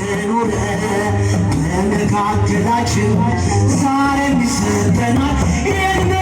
ከኖረ በመካከላችን ዛሬም ይሰጠናል ይህን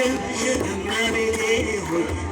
I'm ready to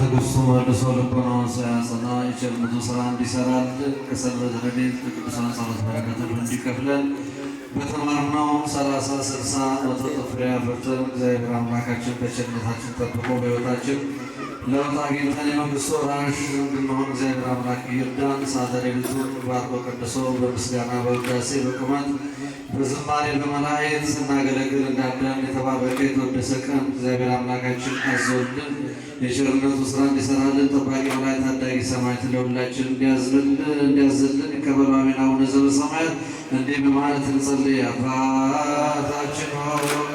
በትዕግስቱ መልሶ ልቦናውን ሳያጽና የጀመረውን ስራ እንዲሰራል ከሰንበት ረድኤት ከቅዱሳን ጸሎት በረከቱን እንዲከፍለን በተማርነው ሰላሳ ስልሳ መቶ ጥፍሬ ያፈርተን እግዚአብሔር አምላካችን በቸርነታችን ጠብቆ በሕይወታችን ለውጥ አግኝተን የመንግሥቱ ወራሽ እንድንሆን እግዚአብሔር አምላክ ይርዳን። ሰዓተ ባርኮ ቀድሶ በምስጋና በውዳሴ በቁመት በዝማሬ በመላእክት ስናገለግል እንዳለን የተባረከ የተወደሰ ቀን እግዚአብሔር አምላካችን አዘውልን የቸርነቱ ስራ እንዲሰራልን ጠባቂ ላይ ታዳጊ ሰማያት ለሁላችን እንዲያዝልን ይቀበሉ። አሜን። አቡነ ዘበሰማያት እንዲህ በማለት እንጸልይ። አባታችን ሆይ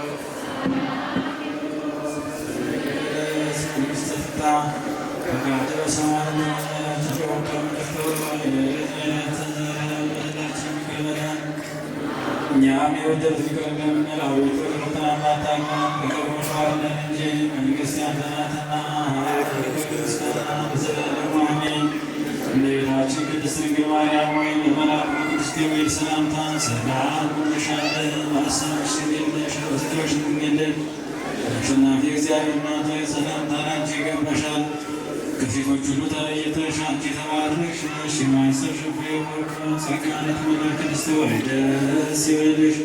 እኛም የወደድ ፍቅር እንደምንል አቤቱ ርትን አታግባን፣ ከቀድሞ ሸዋርነን እንጂ መንግሥት ያንተ ናትና ኃይል አሜን። እመቤታችን ቅድስት ድንግል ማርያም ሆይ በመልአኩ ቅዱስ ገብርኤል ሰላምታን ሰላም እንልሻለን። በሀሳብሽ ድንግል ነሽ፣ በሥጋሽ አሸናፊ እግዚአብሔር እናት ሆይ ሰላምታችን ይገባሻል። ከሴቶች ሁሉ ተለይተሽ አንቺ የተባረክሽ ነሽ፣ የማኅፀንሽ ፍሬ የወርቅ ነው። ጸጋን ደስ ይበልሽ፣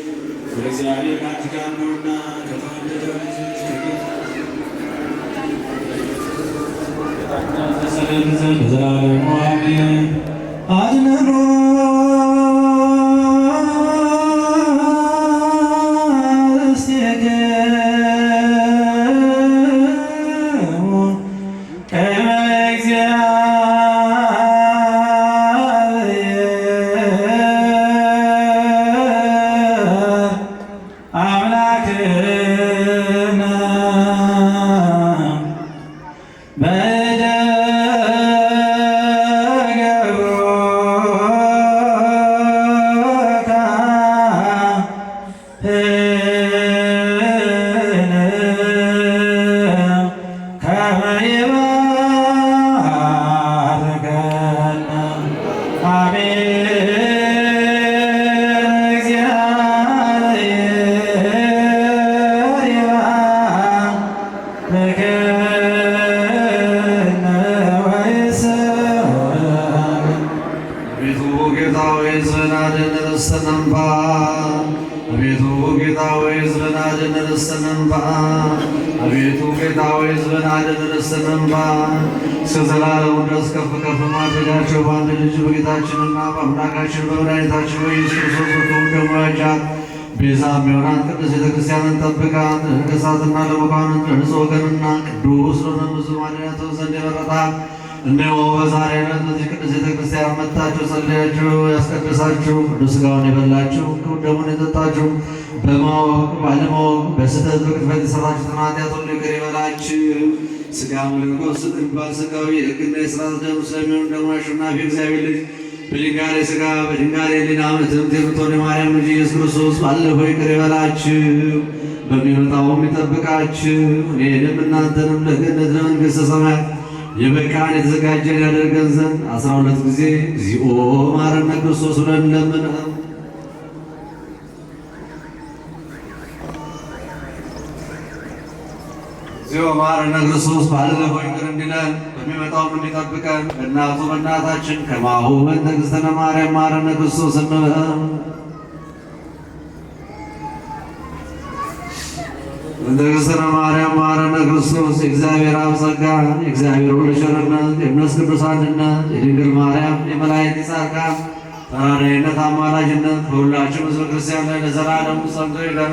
እግዚአብሔር ከአንቺ ጋር ነውና ከተወደደው ልጅሽ ከጌታችን አድነን አቤቱ ጌታ ሆይ ሕዝብን አድን አቤቱ ጌታ ሆይ ሕዝብን አድን እስከ ዘላለሙ ድረስ ከፍ ከፍ ማድረጋቸው በአንድ ልጅ በጌታችንና በአምላካችን በመድኃኒታችን በኢየሱስ ክርስቶስ በክቡር ደሙ ቤዛ የሚሆናት ቅድስት ቤተክርስቲያንን ክርስቲያንን ጠብቃት። ለነገሥታትና ለመኳንንት ለንጹሕ ወገንና ቅዱስ ለሆነ ሕዝብ ማደሪያ ትሆን የመረጣት እነሆ በዛሬ ዕለት በዚህ ቅድስት ቤተክርስቲያን መጥታችሁ ጸለያችሁ፣ ያስቀደሳችሁ፣ ቅዱስ ሥጋውን የበላችሁ፣ ክቡር ደሙን የጠጣችሁ፣ በማወቅ ባለማወቅ በስህተት በቅጥፈት የሰራችሁትን ኃጢአት ይቅር ይበላችሁ። ሥጋ ምልኮ ስጥ የሚባል ሥጋዊ የሕግና የሥርዓት ደሙ ስለሚሆን ደግሞ አሸናፊ እግዚአብሔር ልጅ በድንጋሌ ሥጋ በድንጋሌ ሕሊና እምነትም የምትሆን የማርያም ልጅ ኢየሱስ ክርስቶስ ባለፈው ይቅር ይበላችሁ፣ በሚመጣውም ይጠብቃችሁ፣ እኔንም እናንተንም ለገነት ለመንግሥተ ሰማያት የመካን የተዘጋጀን ያደርገን ዘንድ አስራ ሁለት ጊዜ እግዚኦ መሐረነ ክርስቶስ ብለን ለምነው እግዚኦ መሐረነ ክርስቶስ ባለፈው ይቅር እንዲለን በሚመጣውም እንዲጠብቀን እናቱ በእናታችን ከማሁ በእንተ እግዝእትነ ማርያም መሐረነ ክርስቶስ እንበል። በተክስረ ማርያም ማረነ ክርስቶስ የእግዚአብሔር አብ ጸጋ የእግዚአብሔር ሁሉ ቸርነት የእምነት ቅዱስ አንድነት የድንግል ማርያም የመላእክት ጻድቃን ተራዳኢነት አማላጅነት በሁላችን ሕዝበ ክርስቲያን ላይ ለዘላለሙ ጸንቶ ይደር።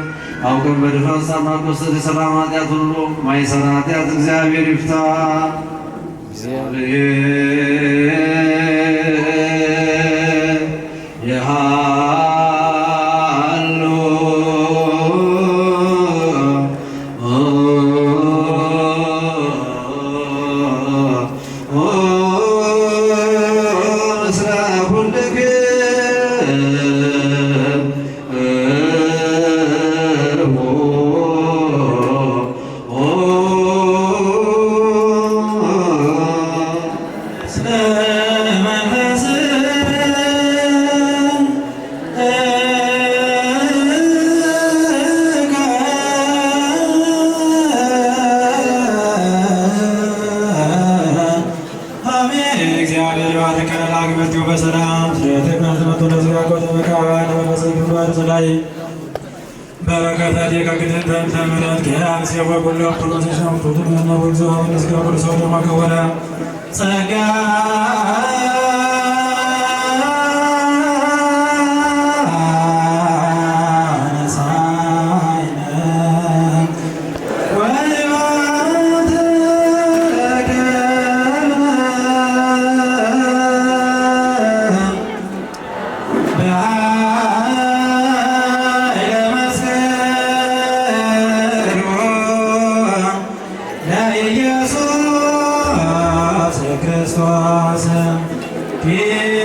አውቀን በድፍረት ሳናቆስል የሠራነውን ኃጢአት ሁሉ ማይሠራ ኃጢአት እግዚአብሔር ይፍታ። እግዚአብሔር ورسولك ولا سكان gostosa que